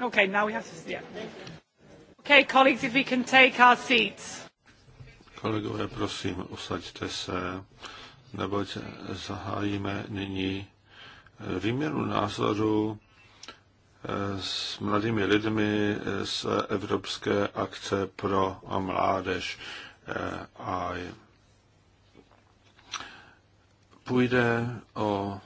Okay, now we have to, Okay, colleagues, if we can take our seats. Kolegové, prosím, usaďte se, neboť zahájíme nyní eh, výměnu názoru eh, s mladými lidmi eh, z Evropské akce pro mládež. A půjde o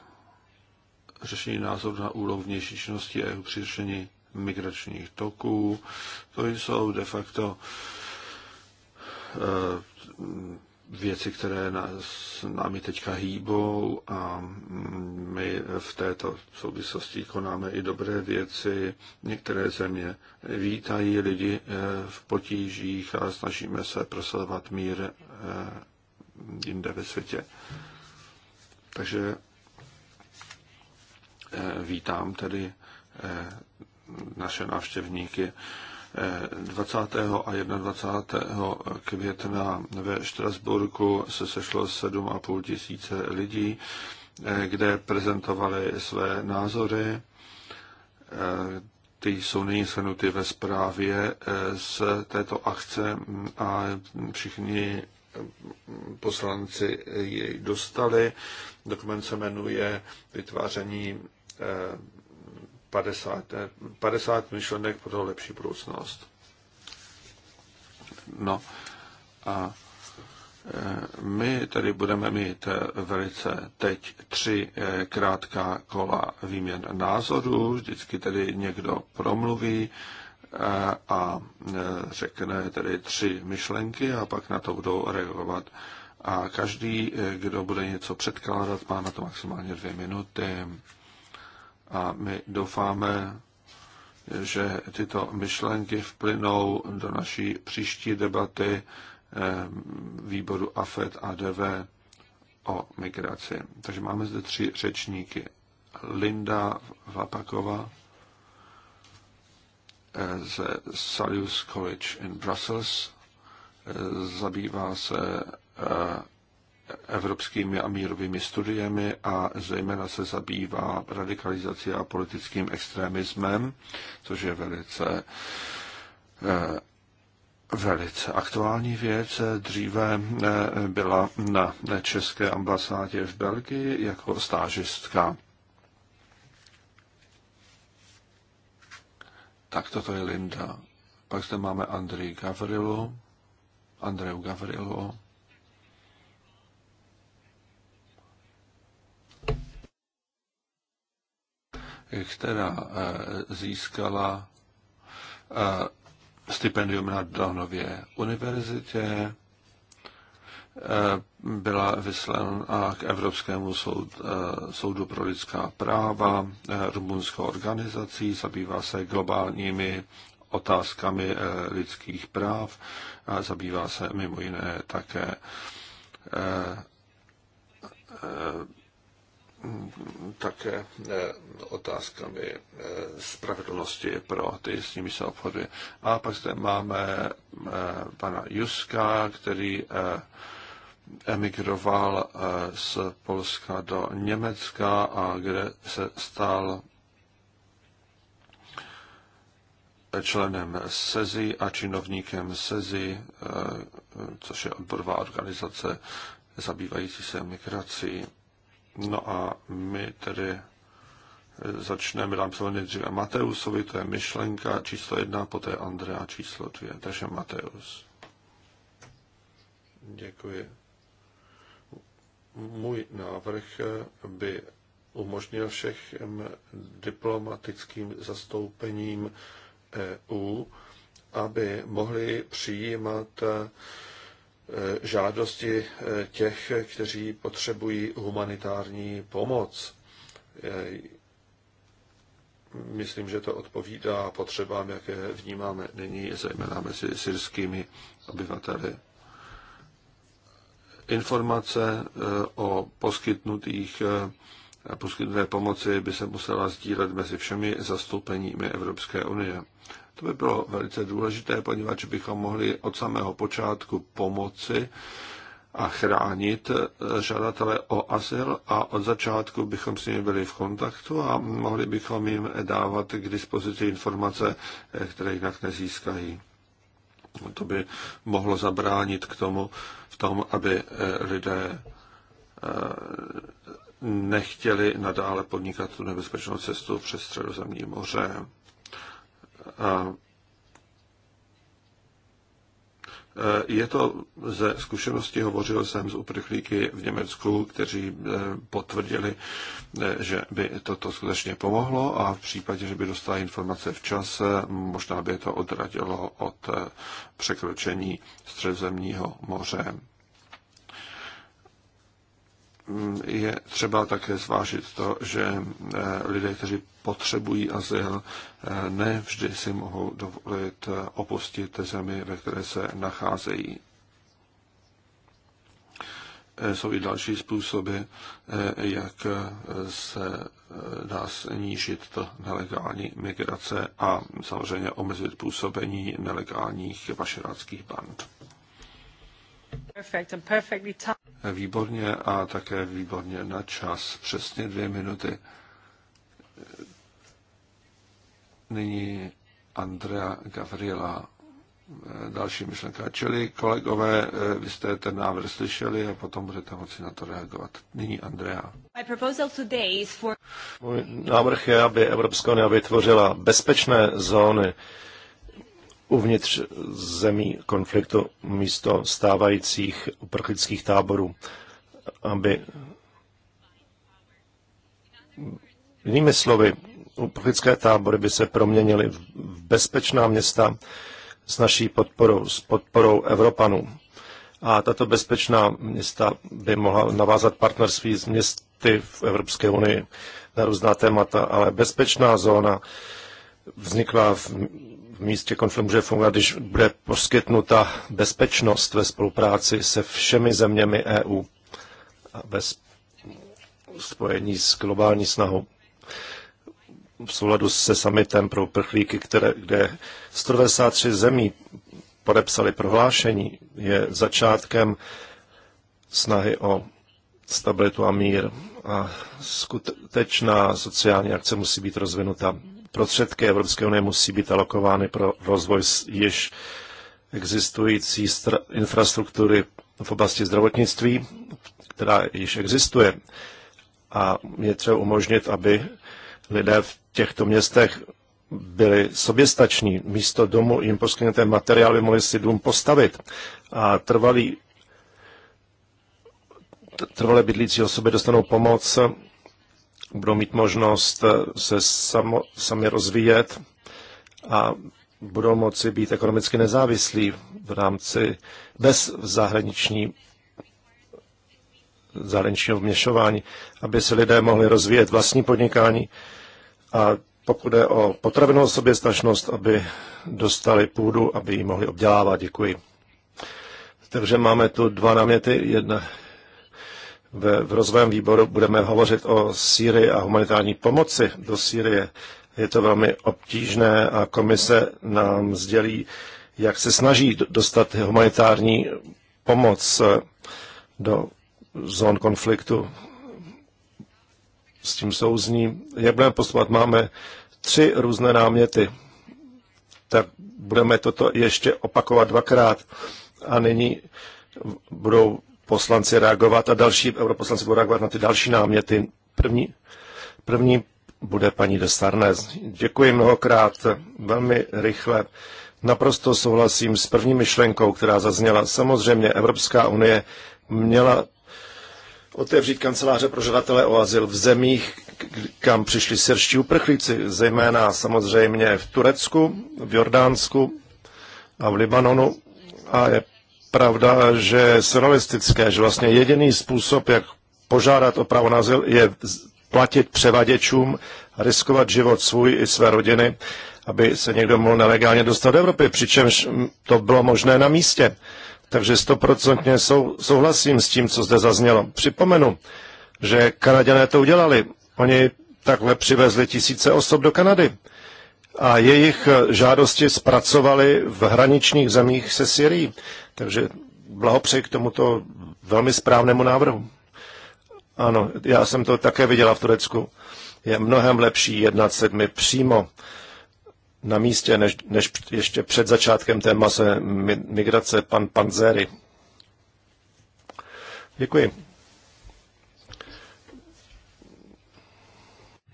řešení názoru na úlohu vnější činnosti a jeho při řešení migračních toků. To jsou de facto eh, věci, které nás, námi teďka hýbou a my v této souvislosti konáme i dobré věci. Některé země vítají lidi eh, v potížích a snažíme se prosazovat mír eh, jinde ve světě. Takže vítám tedy naše návštěvníky. 20. Eh, a 21. května ve Štrasburku se sešlo 7,5 tisíce lidí, eh, kde prezentovali své názory. Eh, ty jsou nyní shrnuty ve zprávě z této akce a všichni poslanci jej dostali. Dokument se jmenuje Vytváření 50, 50 eh, myšlenek pro lepší budoucnost. No a eh, my tady budeme mít eh, velice teď tři krátká kola výměn názorů. Vždycky tedy někdo promluví a řekne tedy tři myšlenky a pak na to budou reagovat. A každý, kdo bude něco předkládat, má na to maximálně dvě minuty a my doufáme, že tyto myšlenky vplynou do naší příští debaty eh, výboru AFED a e DV o migraci. Takže máme zde tři řečníky. Linda Vapakova eh, z Salius College in Brussels. Eh, zabývá se evropskými a mírovými studiemi a zejména se zabývá radikalizací a politickým extremismem, což je velice eh, velice aktuální věc. Dříve eh, byla na České ambasádě v Belgii jako stážistka. Tak toto je Linda. Pak zde máme Andrej Gavrilu, Andreu Gavrilu, která eh, získala eh, stipendium na Donově univerzitě, eh, byla vyslána k Evropskému soud, soudu pro lidská práva, rumunskou organizací, zabývá se globálními otázkami lidských práv zabývá se mimo jiné také také eh, otázkami eh, spravedlnosti pro ty, s nimi se obchoduje. A pak zde máme eh, pana Juska, který emigroval z Polska do Německa a kde se stal členem SEZI a činovníkem SEZI, což je odborová organizace zabývající se migrací. No a my tedy eh, začneme, dám slovo nejdříve Mateusovi, to je myšlenka číslo jedna, poté Andrea číslo dvě. Takže Mateus. Děkuji. Můj návrh eh, by umožnil všem diplomatickým zastoupením EU, aby mohli přijímat eh, Eh, žádosti eh, těch, kteří potřebují humanitární pomoc. Eh, myslím, že to odpovídá potřebám, jaké vnímáme nyní, zejména mezi syrskými obyvateli. Informace o poskytnutých poskytnuté pomoci by se musela sdílet mezi všemi zastoupeními Evropské unie. To by bylo velice důležité, poněvadž bychom mohli od samého počátku pomoci a chránit žadatele o azyl a od začátku bychom s nimi byli v kontaktu a mohli bychom jim dávat k dispozici informace, které jinak nezískají. To by mohlo zabránit k tomu, v tom, aby eh, lidé eh, nechtěli nadále podnikat tu nebezpečnou cestu přes středozemní moře. A e, je to ze zkušenosti, hovořil jsem s uprchlíky v Německu, kteří e, potvrdili, e, že by toto skutečně pomohlo a v případě, že by dostala informace včas, možná by to odradilo od překročení středozemního moře je třeba také zvážit to, že eh, lidé, kteří potřebují azyl, eh, ne vždy si mohou dovolit eh, opustit zemi, ve které se nacházejí. Jsou i další způsoby, jak se dá snížit to nelegální migrace a samozřejmě omezit působení nelegálních vašeráckých band výborně a také výborně na čas, přesně dvě minuty. Nyní Andrea Gavrila, další myšlenka. Čili kolegové, vy jste ten návrh slyšeli a potom budete moci na to reagovat. Nyní Andrea. Můj návrh je, aby Evropská unie vytvořila bezpečné zóny uvnitř zemí konfliktu místo stávajících uprchlických táborů, aby jinými slovy, uprchlické tábory by se proměnily v bezpečná města s naší podporou, s podporou Evropanů. A tato bezpečná města by mohla navázat partnerství s městy v Evropské unii na různá témata, ale bezpečná zóna vznikla v místě konfliktu může fungovat, když bude poskytnuta bezpečnost ve spolupráci se všemi zeměmi EU a bez spojení s globální snahou v souladu se summitem pro uprchlíky, které, kde 193 zemí podepsali prohlášení, je začátkem snahy o stabilitu a mír. A skutečná sociální akce musí být rozvinuta prostředky Evropské unie musí být alokovány pro rozvoj již existující infrastruktury v oblasti zdravotnictví, která již existuje. A je třeba umožnit, aby lidé v těchto městech byli soběstační. Místo domu jim poskytnuté materiály mohli si dům postavit. A trvalý, trvalé bydlící osoby dostanou pomoc budou mít možnost eh, se samo, sami rozvíjet a budou moci být ekonomicky nezávislí v rámci bez zahraniční, zahraničního vměšování, aby se lidé mohli rozvíjet vlastní podnikání a pokud je o potravinou soběstačnost, aby dostali půdu, aby ji mohli obdělávat. Děkuji. Takže máme tu dva náměty. Jedna, v, v rozvojem výboru budeme hovořit o Sýrii a humanitární pomoci do Sýrie. Je to velmi obtížné a komise nám sdělí, jak se snaží dostat humanitární pomoc eh, do zón konfliktu. S tím souzní. Jak budeme postupovat? Máme tři různé náměty. Tak budeme toto ještě opakovat dvakrát. A nyní budou poslanci reagovat a další europoslanci budou reagovat na ty další náměty. První, první bude paní de Sarnes. Děkuji mnohokrát, velmi rychle. Naprosto souhlasím s první myšlenkou, která zazněla. Samozřejmě Evropská unie měla otevřít kanceláře pro žadatele o azyl v zemích, kam přišli syrští uprchlíci, zejména samozřejmě v Turecku, v Jordánsku a v Libanonu. A je pravda, že je surrealistické, že vlastně jediný způsob, jak požádat o právo na azyl, je platit převaděčům, riskovat život svůj i své rodiny, aby se někdo mohl nelegálně dostat do Evropy, přičemž to bylo možné na místě. Takže stoprocentně sou, souhlasím s tím, co zde zaznělo. Připomenu, že Kanaděné to udělali. Oni takhle přivezli tisíce osob do Kanady a jejich eh, žádosti zpracovali v hraničních zemích se Syrií. Takže blahopřeji k tomuto velmi správnému návrhu. Ano, já jsem to také viděla v Turecku. Je mnohem lepší jednat se přímo na místě, než, než ještě před začátkem té mase migrace pan Panzery. Děkuji.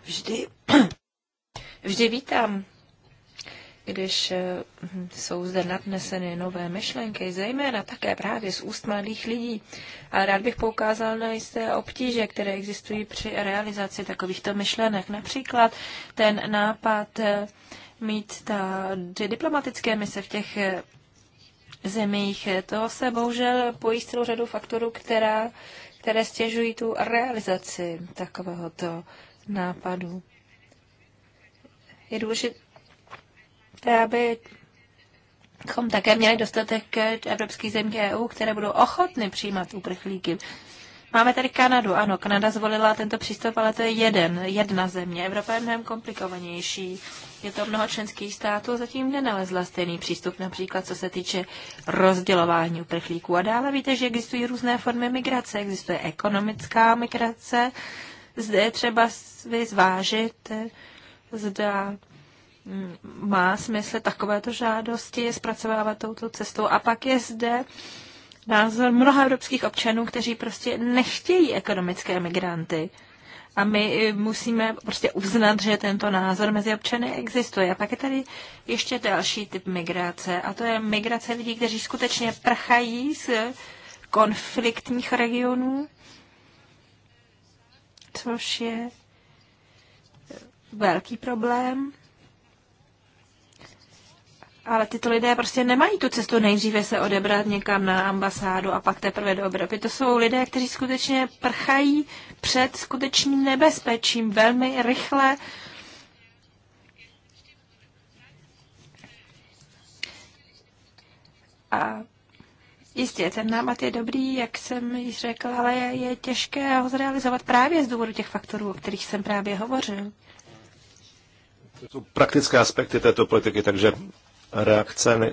Vždy Vždy vítám, když eh, jsou zde nadneseny nové myšlenky, zejména také právě z úst mladých lidí. A rád bych poukázal na jisté obtíže, které existují při realizaci takovýchto myšlenek. Například ten nápad eh, mít ta diplomatické mise v těch eh, zemích. To se bohužel pojí celou řadu faktorů, která, které stěžují tu realizaci takovéhoto nápadu je důležité, aby chom také měli dostatek evropských zemí EU, které budou ochotny přijímat uprchlíky. Máme tady Kanadu, ano, Kanada zvolila tento přístup, ale to je jeden, jedna země. Evropa je mnohem komplikovanější. Je to mnoho členských států, zatím nenalezla stejný přístup, například co se týče rozdělování uprchlíků. A dále víte, že existují různé formy migrace. Existuje ekonomická migrace, zde je třeba zvážit, zda mm, má smysl takovéto žádosti zpracovávat touto cestou. A pak je zde názor mnoha evropských občanů, kteří prostě nechtějí ekonomické migranty. A my eh, musíme prostě uznat, že tento názor mezi občany existuje. A pak je tady ještě další typ migrace, a to je migrace lidí, kteří skutečně prchají z konfliktních regionů, což je velký problém. Ale tyto lidé prostě nemají tu cestu nejdříve se odebrat někam na ambasádu a pak teprve do Evropy. To jsou lidé, kteří skutečně prchají před skutečným nebezpečím velmi rychle. A jistě, ten námat je dobrý, jak jsem již řekl, ale je, je těžké ho zrealizovat právě z důvodu těch faktorů, o kterých jsem právě hovořil. To jsou praktické aspekty této politiky, takže reakce. Ne...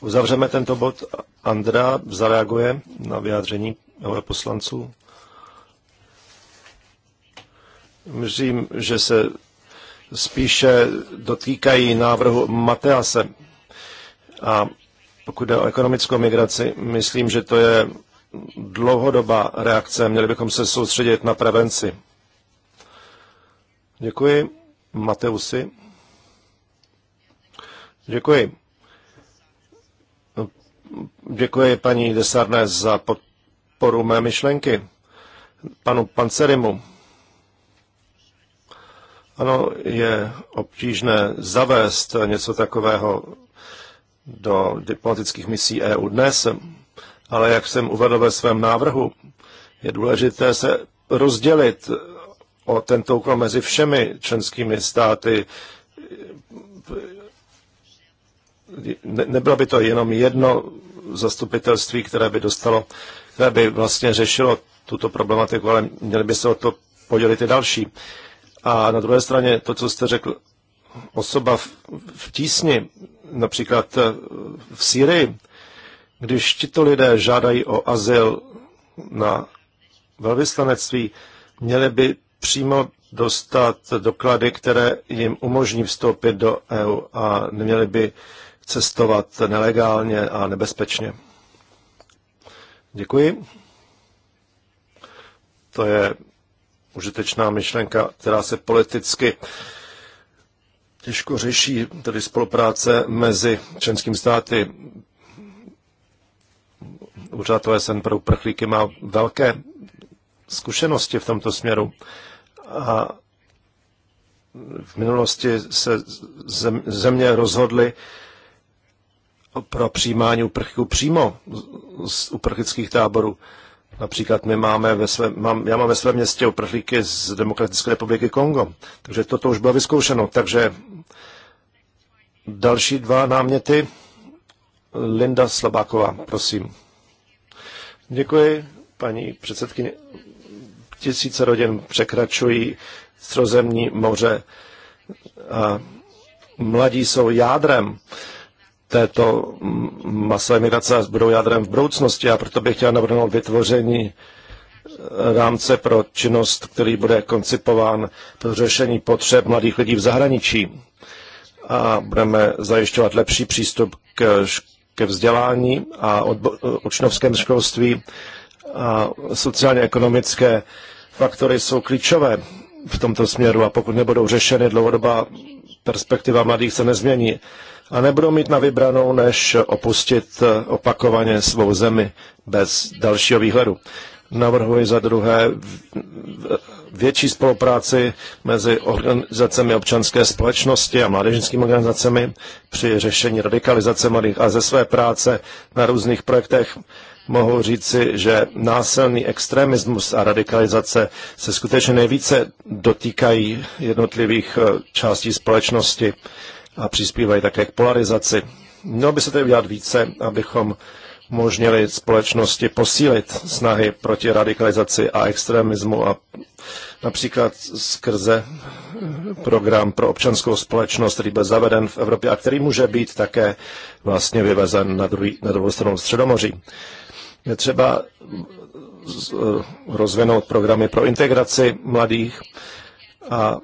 Uzavřeme tento bod. Andra zareaguje na vyjádření poslanců. Myslím, že se spíše dotýkají návrhu Matease. A pokud jde o ekonomickou migraci, myslím, že to je dlouhodobá reakce. Měli bychom se soustředit na prevenci. Děkuji. Mateusi. Děkuji. Děkuji paní Desarné za podporu mé myšlenky. Panu Pancerimu. Ano, je obtížné zavést něco takového do diplomatických misí EU dnes, ale jak jsem uvedl ve svém návrhu, je důležité se rozdělit o tento úkol mezi všemi členskými státy. Nebylo by to jenom jedno zastupitelství, které by dostalo, které by vlastně řešilo tuto problematiku, ale měli by se o to podělit i další. A na druhé straně to, co jste řekl, osoba v, v tísni, například eh, v Syrii, když tito lidé žádají o azyl na velvyslanectví, měli by přímo dostat doklady, které jim umožní vstoupit do EU a neměli by cestovat nelegálně a nebezpečně. Děkuji. To je užitečná myšlenka, která se politicky těžko řeší, tedy spolupráce mezi členským státy. Úřad OSN pro uprchlíky má velké zkušenosti v tomto směru. A v minulosti se země rozhodly pro přijímání uprchlíků přímo z uprchlických táborů. Například my máme ve své, mám, já mám ve svém městě uprchlíky z Demokratické republiky Kongo. Takže toto už bylo vyzkoušeno. Takže další dva náměty. Linda Slabáková, prosím. Děkuji, paní předsedkyně tisíce rodin překračují střozemní moře a mladí jsou jádrem této masové migrace a budou jádrem v budoucnosti a proto bych chtěl navrhnout vytvoření eh, rámce pro činnost, který bude koncipován pro řešení potřeb mladých lidí v zahraničí. A budeme zajišťovat lepší přístup k, ke vzdělání a odbo- e, učňovském školství a sociálně-ekonomické faktory jsou klíčové v tomto směru a pokud nebudou řešeny, dlouhodobá perspektiva mladých se nezmění a nebudou mít na vybranou, než opustit opakovaně svou zemi bez dalšího výhledu. Navrhuji za druhé větší spolupráci mezi organizacemi občanské společnosti a mládežnickými organizacemi při řešení radikalizace mladých a ze své práce na různých projektech mohu říci, že násilný extremismus a radikalizace se skutečně nejvíce dotýkají jednotlivých eh, částí společnosti a přispívají také k polarizaci. Mělo by se tedy udělat více, abychom umožnili společnosti posílit snahy proti radikalizaci a extremismu a například skrze eh, program pro občanskou společnost, který byl zaveden v Evropě a který může být také vlastně vyvezen na, druhý, na druhou stranu Středomoří. Je třeba eh, rozvinout programy pro integraci mladých a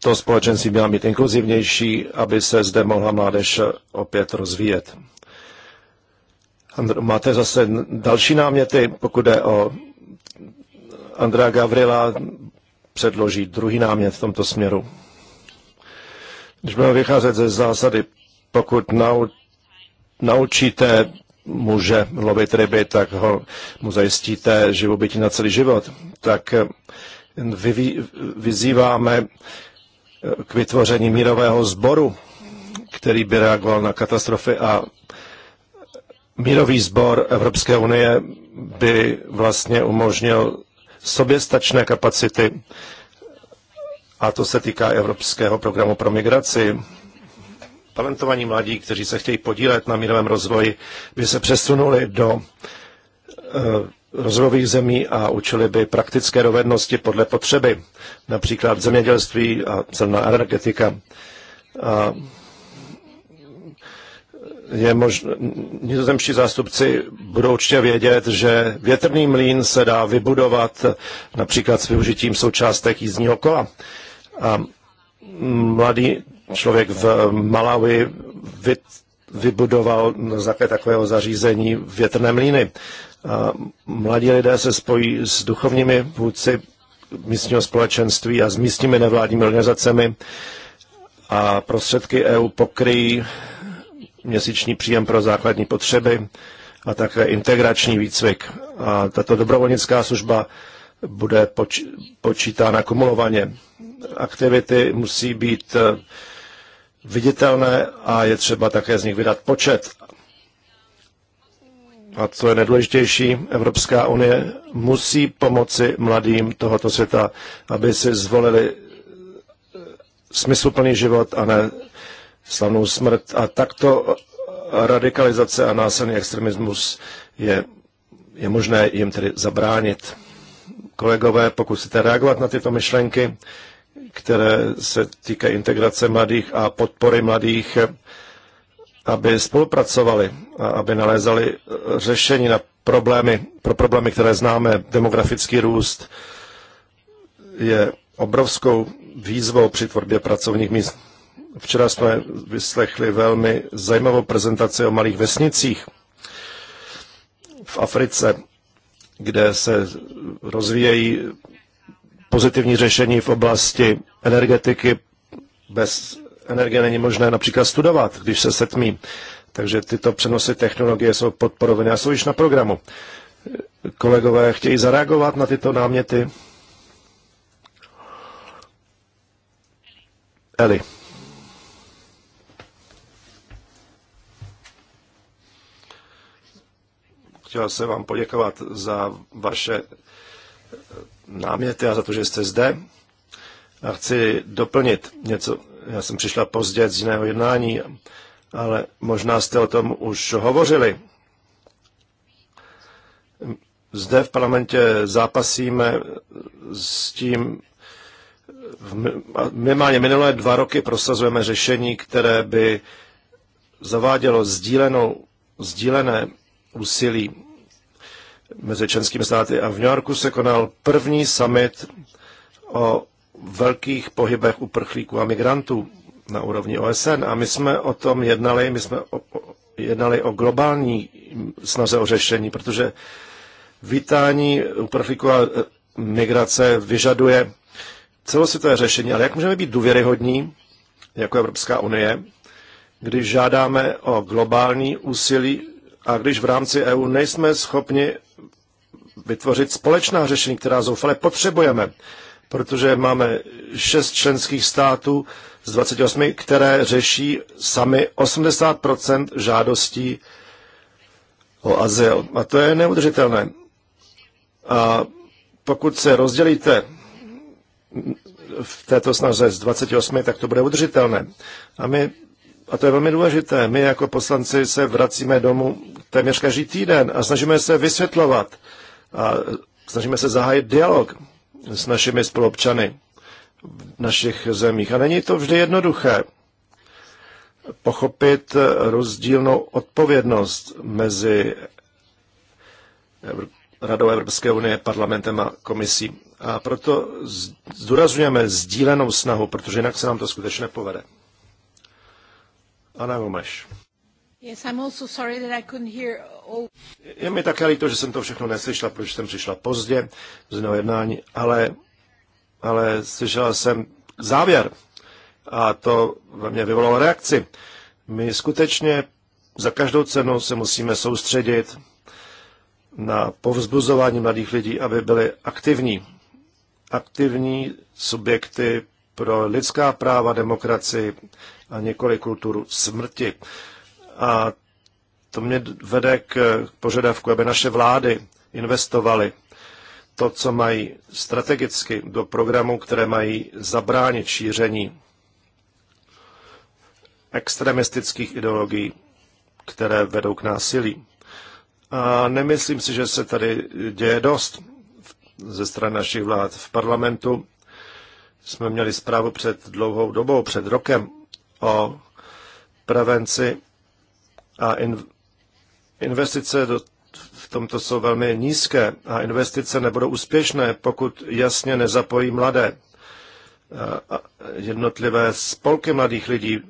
to společenství měla být inkluzivnější, aby se zde mohla mládež opět rozvíjet. Andr, máte zase další náměty, pokud jde o Andrea Gavrila předloží druhý námět v tomto směru. Když budeme vycházet ze zásady, pokud naučíte může lovit ryby, tak ho, mu zajistíte živobytí na celý život. Tak eh, vy, vyzýváme eh, k vytvoření mírového sboru, který by reagoval na katastrofy a mírový sbor Evropské unie by vlastně umožnil soběstačné kapacity a to se týká Evropského programu pro migraci talentovaní mladí, kteří se chtějí podílet na mírovém rozvoji, by se přesunuli do eh, rozvojových zemí a učili by praktické dovednosti podle potřeby, například zemědělství a celná energetika. A je možné, nizozemští zástupci budou určitě vědět, že větrný mlín se dá vybudovat například s využitím součástek jízdního kola. A mladí člověk v Malawi vybudoval na základě takového zařízení větrné mlýny. A mladí lidé se spojí s duchovními vůdci místního společenství a s místními nevládními organizacemi a prostředky EU pokryjí měsíční příjem pro základní potřeby a také integrační výcvik. A tato dobrovolnická služba bude poč- počítána kumulovaně. Aktivity musí být eh, viditelné a je třeba také z nich vydat počet. A co je nejdůležitější, Evropská unie musí pomoci mladým tohoto světa, aby si zvolili eh, smysluplný život a ne slavnou smrt. A takto radikalizace a násilný extremismus je, je možné jim tedy zabránit. Kolegové, pokusíte reagovat na tyto myšlenky, které se týkají integrace mladých a podpory mladých, aby spolupracovali a aby nalézali řešení na problémy, pro problémy, které známe. Demografický růst je obrovskou výzvou při tvorbě pracovních míst. Včera jsme vyslechli velmi zajímavou prezentaci o malých vesnicích v Africe, kde se rozvíjejí pozitivní řešení v oblasti energetiky. Bez energie není možné například studovat, když se setmí. Takže tyto přenosy technologie jsou podporovány a jsou již na programu. Kolegové chtějí zareagovat na tyto náměty. Eli. Chtěl jsem vám poděkovat za vaše náměty a za to, že jste zde. A chci doplnit něco. Já jsem přišla pozdě z jiného jednání, ale možná jste o tom už hovořili. Zde v parlamentě zápasíme s tím, minimálně minulé dva roky prosazujeme řešení, které by zavádělo sdílenou, sdílené úsilí mezi členskými státy a v New Yorku se konal první summit o velkých pohybech uprchlíků a migrantů na úrovni OSN a my jsme o tom jednali, my jsme o, jednali o globální snaze o řešení, protože vítání uprchlíků a e, migrace vyžaduje celosvětové řešení, ale jak můžeme být důvěryhodní jako Evropská unie, když žádáme o globální úsilí a když v rámci EU nejsme schopni vytvořit společná řešení, která zoufale potřebujeme, protože máme šest členských států z 28, které řeší sami 80 žádostí o azyl. A to je neudržitelné. A pokud se rozdělíte v této snaze z 28, tak to bude udržitelné. A my a to je velmi důležité, my jako poslanci se vracíme domů téměř každý týden a snažíme se vysvětlovat a snažíme se zahájit dialog s našimi spolupčany v našich zemích. A není to vždy jednoduché pochopit rozdílnou odpovědnost mezi Radou Evropské unie, parlamentem a komisí. A proto zdůrazňujeme sdílenou snahu, protože jinak se nám to skutečně povede. Ana Gomeš. Yes, I'm also sorry that I couldn't hear all... Je mi také líto, že jsem to všechno neslyšela, protože jsem přišla pozdě z jednoho jednání, ale, ale slyšela jsem závěr a to ve mně vyvolalo reakci. My skutečně za každou cenu se musíme soustředit na povzbuzování mladých lidí, aby byli aktivní. Aktivní subjekty pro lidská práva, demokracii a několik kulturu smrti. A to mě vede k požadavku, aby naše vlády investovaly to, co mají strategicky do programů, které mají zabránit šíření extremistických ideologií, které vedou k násilí. A nemyslím si, že se tady děje dost ze strany našich vlád v parlamentu jsme měli zprávu před dlouhou dobou, před rokem, o prevenci a in, investice do, v tomto jsou velmi nízké a investice nebudou úspěšné, pokud jasně nezapojí mladé jednotlivé spolky mladých lidí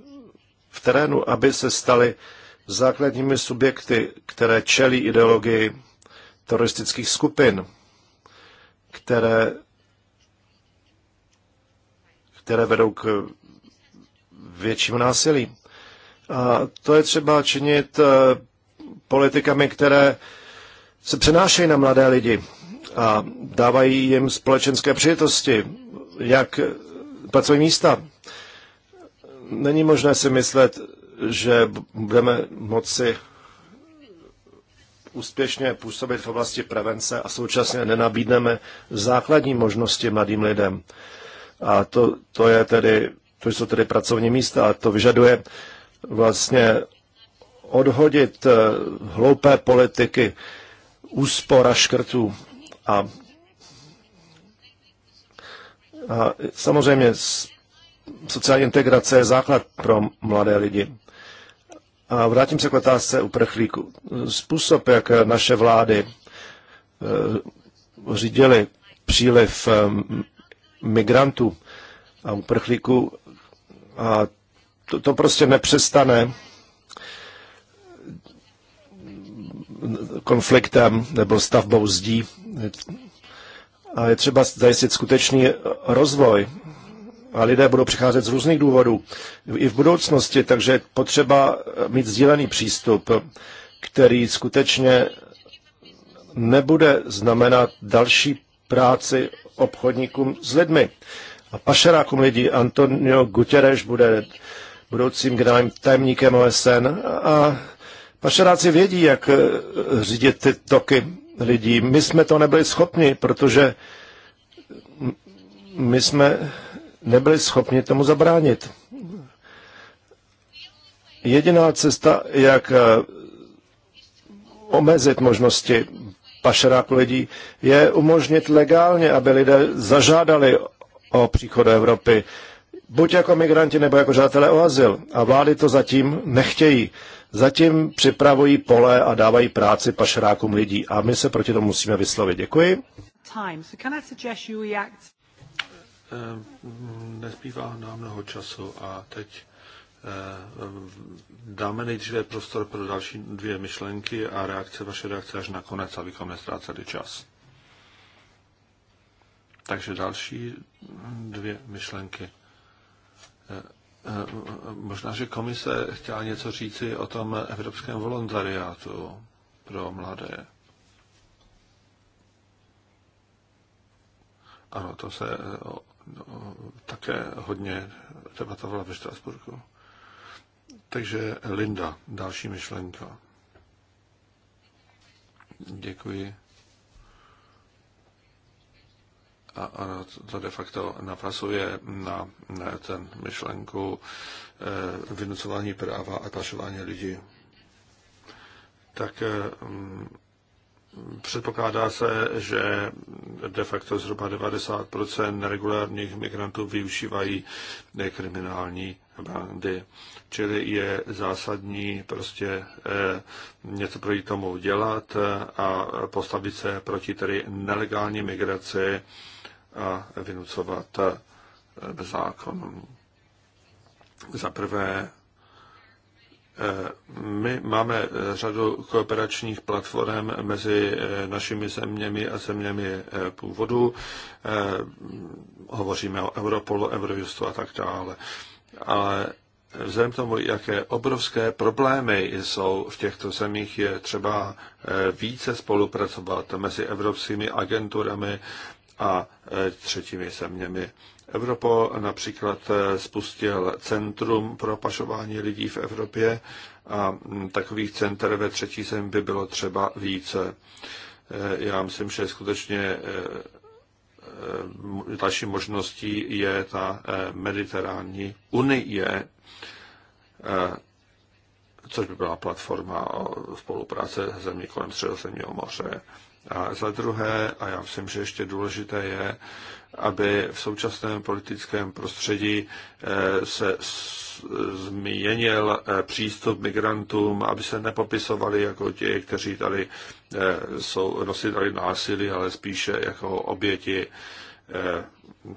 v terénu, aby se staly základními subjekty, které čelí ideologii teroristických skupin, které které vedou k většímu násilí. A to je třeba činit eh, politikami, které se přenášejí na mladé lidi a dávají jim společenské přijetosti, jak pracovní místa. Není možné si myslet, že budeme moci úspěšně působit v oblasti prevence a současně nenabídneme základní možnosti mladým lidem. A to, to, je tedy, to jsou tedy pracovní místa a to vyžaduje vlastně odhodit eh, hloupé politiky úspora škrtů a, a samozřejmě sociální integrace je základ pro mladé lidi. A vrátím se k otázce uprchlíku. Způsob, jak naše vlády eh, řídily příliv eh, migrantů a uprchlíků. A to, to prostě nepřestane konfliktem nebo stavbou zdí. A je třeba zajistit skutečný rozvoj. A lidé budou přicházet z různých důvodů i v budoucnosti, takže je potřeba mít sdílený přístup, který skutečně nebude znamenat další práci obchodníkům s lidmi a pašerákům lidí. Antonio Guterres bude budoucím generálním tajemníkem OSN a pašeráci vědí, jak eh, řídit ty toky lidí. My jsme to nebyli schopni, protože my jsme nebyli schopni tomu zabránit. Jediná cesta, jak eh, omezit možnosti pašeráku lidí, je umožnit legálně, aby lidé zažádali o příchod do Evropy, buď jako migranti nebo jako žádatelé o azyl. A vlády to zatím nechtějí. Zatím připravují pole a dávají práci pašerákům lidí. A my se proti tomu musíme vyslovit. Děkuji. Time. Eh, mm, nám mnoho času a teď Eh, dáme nejdříve prostor pro další dvě myšlenky a reakce, vaše reakce až na konec, abychom nestráceli čas. Takže další dvě myšlenky. Eh, eh, možná, že komise chtěla něco říci o tom evropském volontariátu pro mladé. Ano, to se také hodně debatovalo ve Štrasburku. Takže Linda, další myšlenka. Děkuji. A ano, to de facto napasuje na, na ten myšlenku e, vynucování práva a tlačování lidí. Tak m, eh, předpokládá se, že de facto zhruba 90 regulárních migrantů využívají kriminální bandy. Čili je zásadní prostě eh, něco proti tomu dělat a postavit se proti tedy nelegální migraci a vynucovat bez eh, zákonu. Za prvé, eh, my máme řadu kooperačních platform mezi našimi zeměmi a zeměmi původu. Hovoříme o Europolu, Eurojustu a tak dále ale vzhledem k tomu, jaké obrovské problémy jsou v těchto zemích, je třeba eh, více spolupracovat mezi evropskými agenturami a eh, třetími zeměmi. Evropo například eh, spustil Centrum pro pašování lidí v Evropě a hm, takových center ve třetí zemi by bylo třeba více. Já myslím, že skutečně Eh, další možností je ta eh, mediterální unie, eh, což by byla platforma o spolupráce země kolem Středozemního moře. A za druhé, a já myslím, že ještě důležité je, aby v současném politickém prostředí eh, se změnil eh, přístup migrantům, aby se nepopisovali jako ti, kteří tady eh, jsou nositeli násilí, ale spíše jako oběti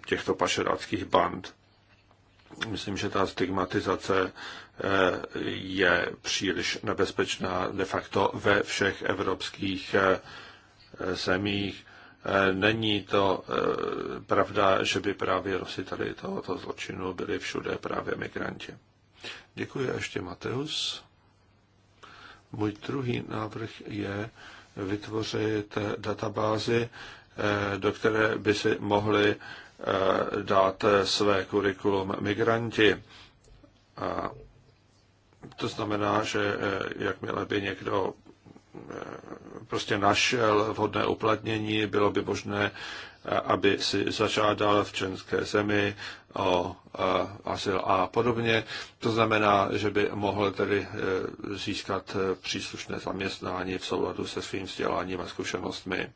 těchto pašeráckých band. Myslím, že ta stigmatizace je příliš nebezpečná de facto ve všech evropských zemích Eh, není to eh, pravda, že by právě nositeli tohoto zločinu byli všude právě migranti. Děkuji a ještě Mateus. Můj druhý návrh je vytvořit databázy, eh, do které by si mohli dát své kurikulum migranti. A to znamená, že jakmile by někdo prostě našel eh, vhodné uplatnění, bylo by možné, eh, aby si zažádal v členské zemi o eh, azyl a podobně. To znamená, že by mohl tedy získat příslušné zaměstnání v souladu se svým vzděláním a zkušenostmi.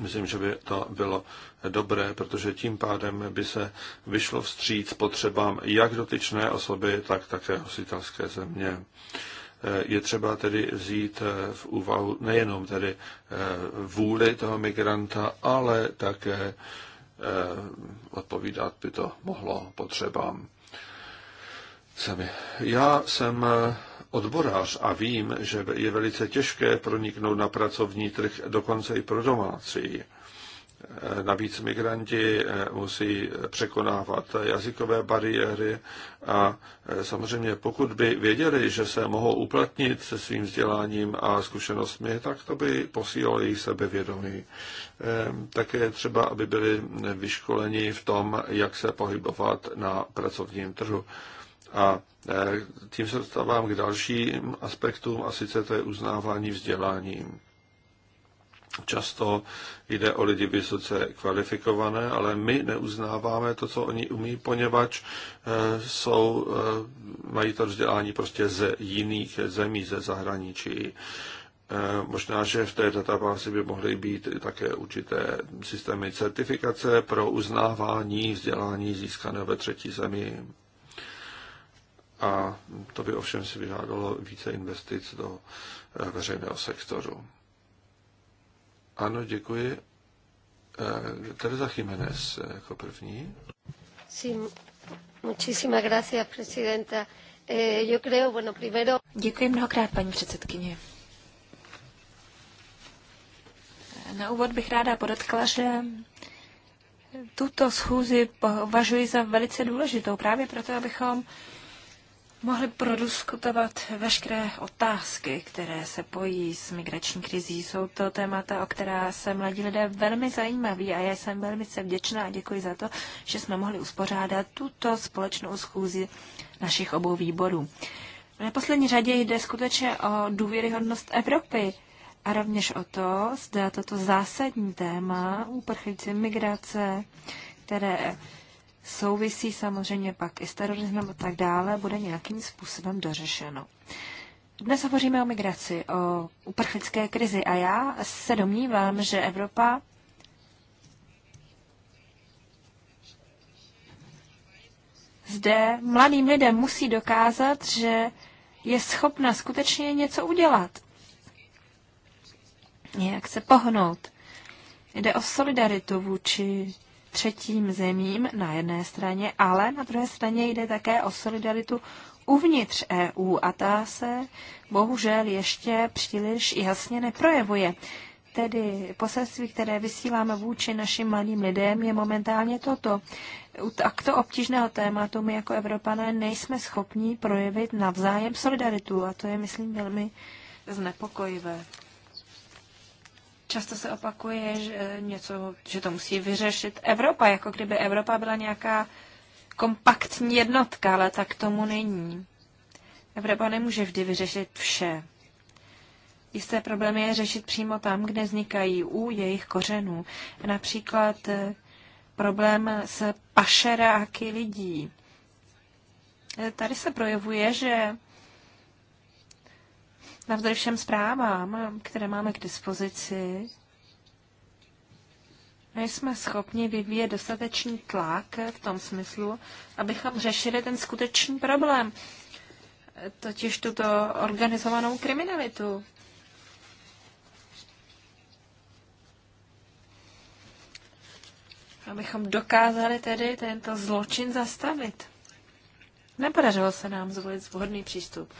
Myslím, že by to bylo dobré, protože tím pádem by se vyšlo vstříc potřebám jak dotyčné osoby, tak také hostitelské země. Eh, je třeba tedy vzít eh, v úvahu nejenom tedy eh, vůli toho migranta, ale také odpovídat by to mohlo potřebám Sami. Já jsem odborář a vím, že je velice těžké proniknout na pracovní trh, dokonce i pro domácí. Navíc migranti eh, musí překonávat jazykové bariéry a eh, samozřejmě pokud by věděli, že se mohou uplatnit se svým vzděláním a zkušenostmi, tak to by posílali jejich sebevědomí. Ehm, také třeba, aby byli vyškoleni v tom, jak se pohybovat na pracovním trhu. A eh, tím se dostávám k dalším aspektům, a sice to je uznávání vzděláním. Často jde o lidi vysoce kvalifikované, ale my neuznáváme to, co oni umí, poněvadž eh, jsou, eh, mají to vzdělání prostě ze jiných zemí, ze zahraničí. Eh, možná, že v té databázi by mohly být také určité systémy certifikace pro uznávání vzdělání získané ve třetí zemi. A to by ovšem si vyžádalo více investic do veřejného sektoru. Ano, děkuji. Eh, Teresa Jiménez jako první. Sí, muchísimas gracias, presidenta. Eh, Yo creo, bueno, primero... Děkuji mnohokrát, paní předsedkyně. Na úvod bych ráda podotkla, že tuto schůzi považuji za velice důležitou právě proto, abychom mohli prodiskutovat veškeré otázky, které se pojí s migrační krizí. Jsou to témata, o která se mladí lidé velmi zajímaví a já jsem velmi se vděčná a děkuji za to, že jsme mohli uspořádat tuto společnou schůzi našich obou výborů. V neposlední řadě jde skutečně o důvěryhodnost Evropy a rovněž o to, zda toto zásadní téma uprchlíci migrace, které souvisí samozřejmě pak i s terorismem a tak dále, bude nějakým způsobem dořešeno. Dnes hovoříme o migraci, o uprchlické krizi a já se domnívám, že Evropa zde mladým lidem musí dokázat, že je schopna skutečně něco udělat. Jak se pohnout. Jde o solidaritu vůči třetím zemím na jedné straně, ale na druhé straně jde také o solidaritu uvnitř EU a ta se bohužel ještě příliš jasně neprojevuje. Tedy poselství, které vysíláme vůči našim malým lidem, je momentálně toto. U takto obtížného tématu my jako Evropané nejsme schopni projevit navzájem solidaritu a to je, myslím, velmi znepokojivé. Často se opakuje, že, eh, něco, že to musí vyřešit Evropa, jako kdyby Evropa byla nějaká kompaktní jednotka, ale tak tomu není. Evropa nemůže vždy vyřešit vše. Jisté problémy je řešit přímo tam, kde vznikají, u jejich kořenů. Například eh, problém s pašeráky lidí. Eh, tady se projevuje, že Navzdory všem zprávám, které máme k dispozici, jsme schopni vyvíjet dostatečný tlak v tom smyslu, abychom řešili ten skutečný problém, totiž tuto organizovanou kriminalitu. Abychom dokázali tedy tento zločin zastavit. Nepodařilo se nám zvolit vhodný přístup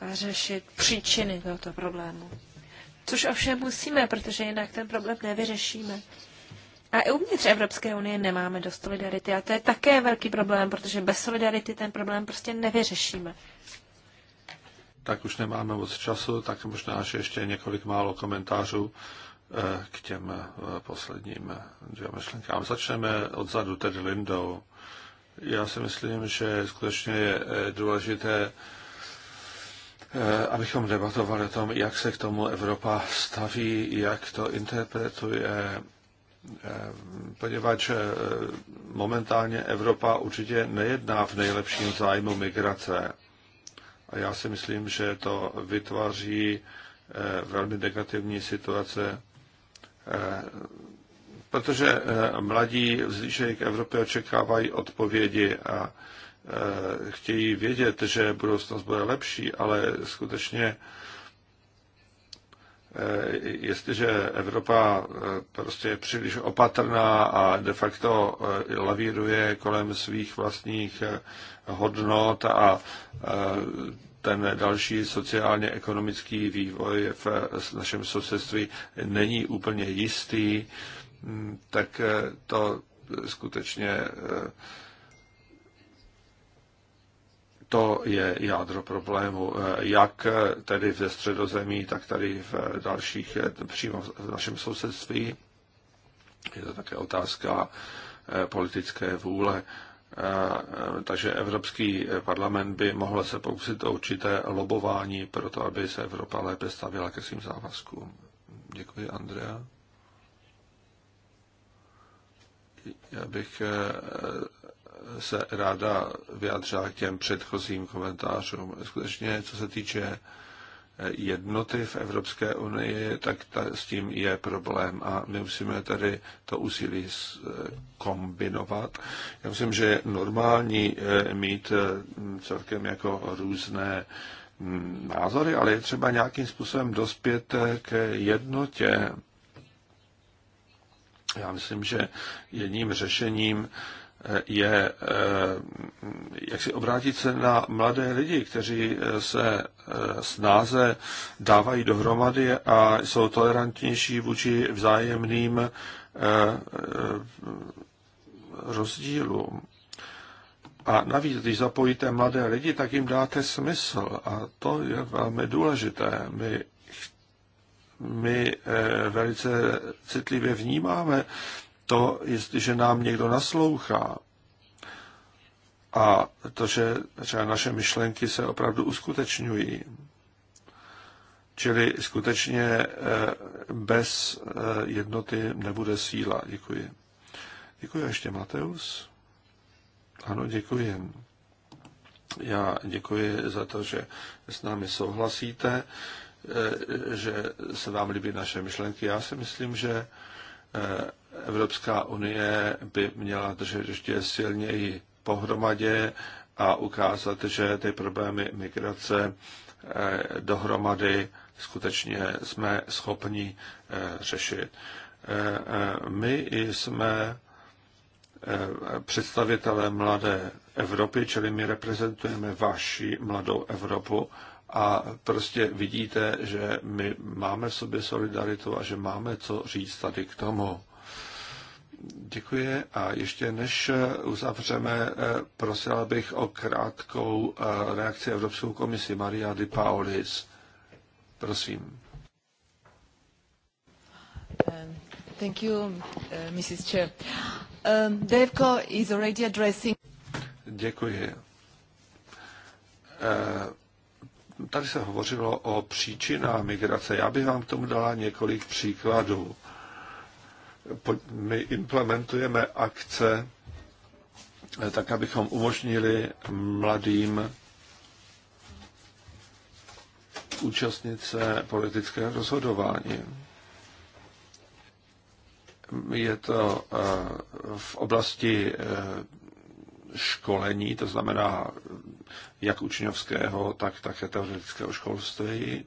a řešit příčiny tohoto problému. Což ovšem musíme, protože jinak ten problém nevyřešíme. A i uvnitř Evropské unie nemáme dost solidarity. A to je také velký problém, protože bez solidarity ten problém prostě nevyřešíme. Tak už nemáme moc času, tak možná že ještě několik málo komentářů eh, k těm eh, posledním eh, dvěma myšlenkám. Začneme odzadu, tedy Lindou. Já si myslím, že skutečně je důležité Eh, abychom debatovali o tom, jak se k tomu Evropa staví, jak to interpretuje, eh, poněvadž eh, momentálně Evropa určitě nejedná v nejlepším zájmu migrace. A já si myslím, že to vytváří velmi negativní situace, protože mladí vzlížejí k Evropě očekávají odpovědi a Eh, chtějí vědět, že budoucnost bude lepší, ale skutečně eh, jestliže Evropa eh, prostě je příliš opatrná a de facto lavíruje kolem svých vlastních hodnot a ten další sociálně-ekonomický vývoj v našem sousedství není úplně jistý, hm, tak to skutečně to je jádro problému, eh, jak eh, tedy ve středozemí, tak tady v eh, dalších, přímo v našem sousedství. Je to také otázka politické vůle. Takže Evropský parlament by mohl se pokusit o určité lobování pro to, aby se Evropa lépe stavila ke svým závazkům. Děkuji, Andrea. Já bych se ráda vyjádřila k těm předchozím komentářům. Skutečně, co se týče jednoty v Evropské unii, tak ta, s tím je problém a my musíme tady to úsilí kombinovat. Já myslím, že je normální eh, mít eh, celkem jako různé mm, názory, ale je třeba nějakým způsobem dospět eh, k jednotě. Já myslím, že jedním řešením je eh, jak si obrátit se na mladé lidi, kteří eh, se eh, snáze dávají dohromady a jsou tolerantnější vůči vzájemným rozdílům. A navíc, když zapojíte mladé lidi, tak jim dáte smysl. A to je velmi důležité. My, my velice citlivě vnímáme to, jestliže nám někdo naslouchá a to, že třeba naše myšlenky se opravdu uskutečňují, čili skutečně eh, bez eh, jednoty nebude síla. Děkuji. Děkuji ještě Mateus. Ano, děkuji. Já děkuji za to, že s námi souhlasíte, eh, že se vám líbí naše myšlenky. Já si myslím, že Evropská unie by měla držet ještě silněji pohromadě a ukázat, že ty problémy migrace eh, dohromady skutečně jsme schopni eh, řešit. Eh, my jsme představitelé mladé Evropy, čili my reprezentujeme vaši mladou Evropu a prostě vidíte, že my máme v sobě solidaritu a že máme co říct tady k tomu. Děkuji a ještě než uzavřeme, eh, prosila bych o krátkou eh, reakci Evropskou komisi Maria Di Paolis. Prosím. Eh, thank you, Mrs. Chair. Um, DEVCO is already addressing... Děkuji. Tady se hovořilo o příčinách migrace. Já bych vám k tomu dala několik příkladů my implementujeme akce, eh, tak abychom umožnili mladým účastnit se politického rozhodování. Je to eh, v oblasti eh, školení, to znamená jak učňovského, tak také teoretického školství.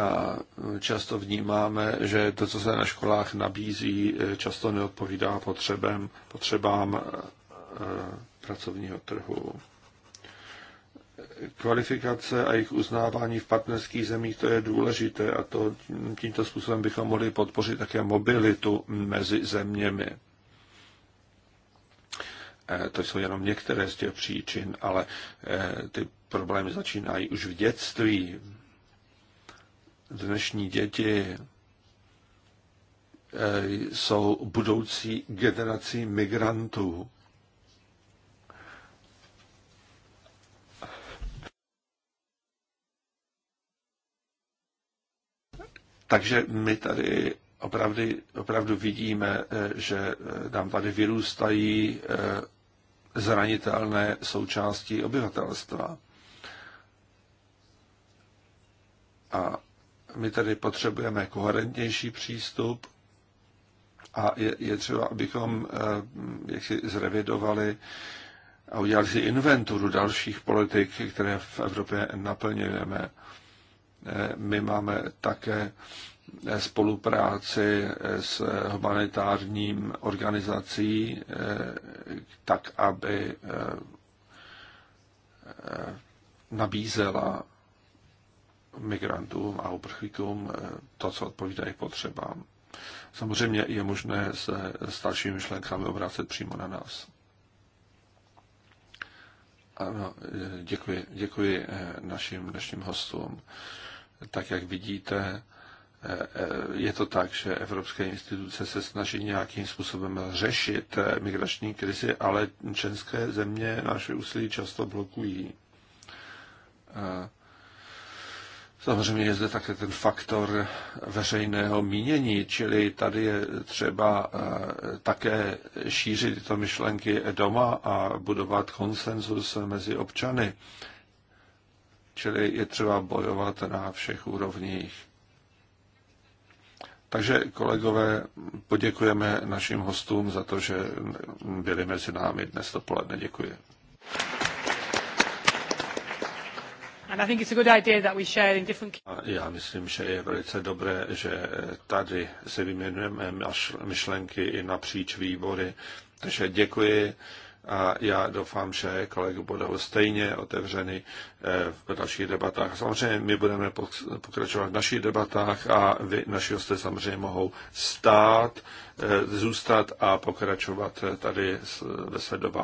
A často vnímáme, že to, co se na školách nabízí, často neodpovídá potřebem, potřebám eh, pracovního trhu. Kvalifikace a jejich uznávání v partnerských zemích, to je důležité a to tímto způsobem bychom mohli podpořit také mobilitu mezi zeměmi. Eh, to jsou jenom některé z těch příčin, ale eh, ty problémy začínají už v dětství dnešní děti eh, jsou budoucí generací migrantů. Takže my tady opravdu, opravdu vidíme, eh, že eh, nám tady vyrůstají zranitelné součásti obyvatelstva. A my tady potřebujeme koherentnější přístup a je, je třeba, abychom eh, jak si zrevidovali a udělali si inventuru dalších politik, které v Evropě naplňujeme. Eh, my máme také eh, spolupráci s humanitárním organizací, tak aby nabízela migrantům a uprchlíkům eh, to, co odpovídá jejich potřebám. Samozřejmě je možné se staršími myšlenkami obrátit přímo na nás. Ano, eh, děkuji, děkuji eh, našim dnešním hostům. Tak, jak vidíte, je to tak, že evropské instituce se snaží nějakým způsobem řešit migrační krizi, ale české země naše úsilí často blokují. Samozřejmě je zde také ten faktor veřejného mínění, čili tady je třeba eh, také šířit tyto myšlenky doma a budovat konsenzus mezi občany. Čili je třeba bojovat na všech úrovních. Takže kolegové, poděkujeme našim hostům za to, že byli mezi námi dnes dopoledne. Děkuji. And I think it's a good idea that we share in different... Já myslím, že je velice dobré, že tady se vyměnujeme myšlenky i napříč výbory. Takže děkuji a já doufám, že kolegy budou stejně otevřeny eh, v dalších debatách. Samozřejmě my budeme pokračovat v našich debatách a vy, naši hosté samozřejmě mohou stát, eh, zůstat a pokračovat eh, tady ve sledování.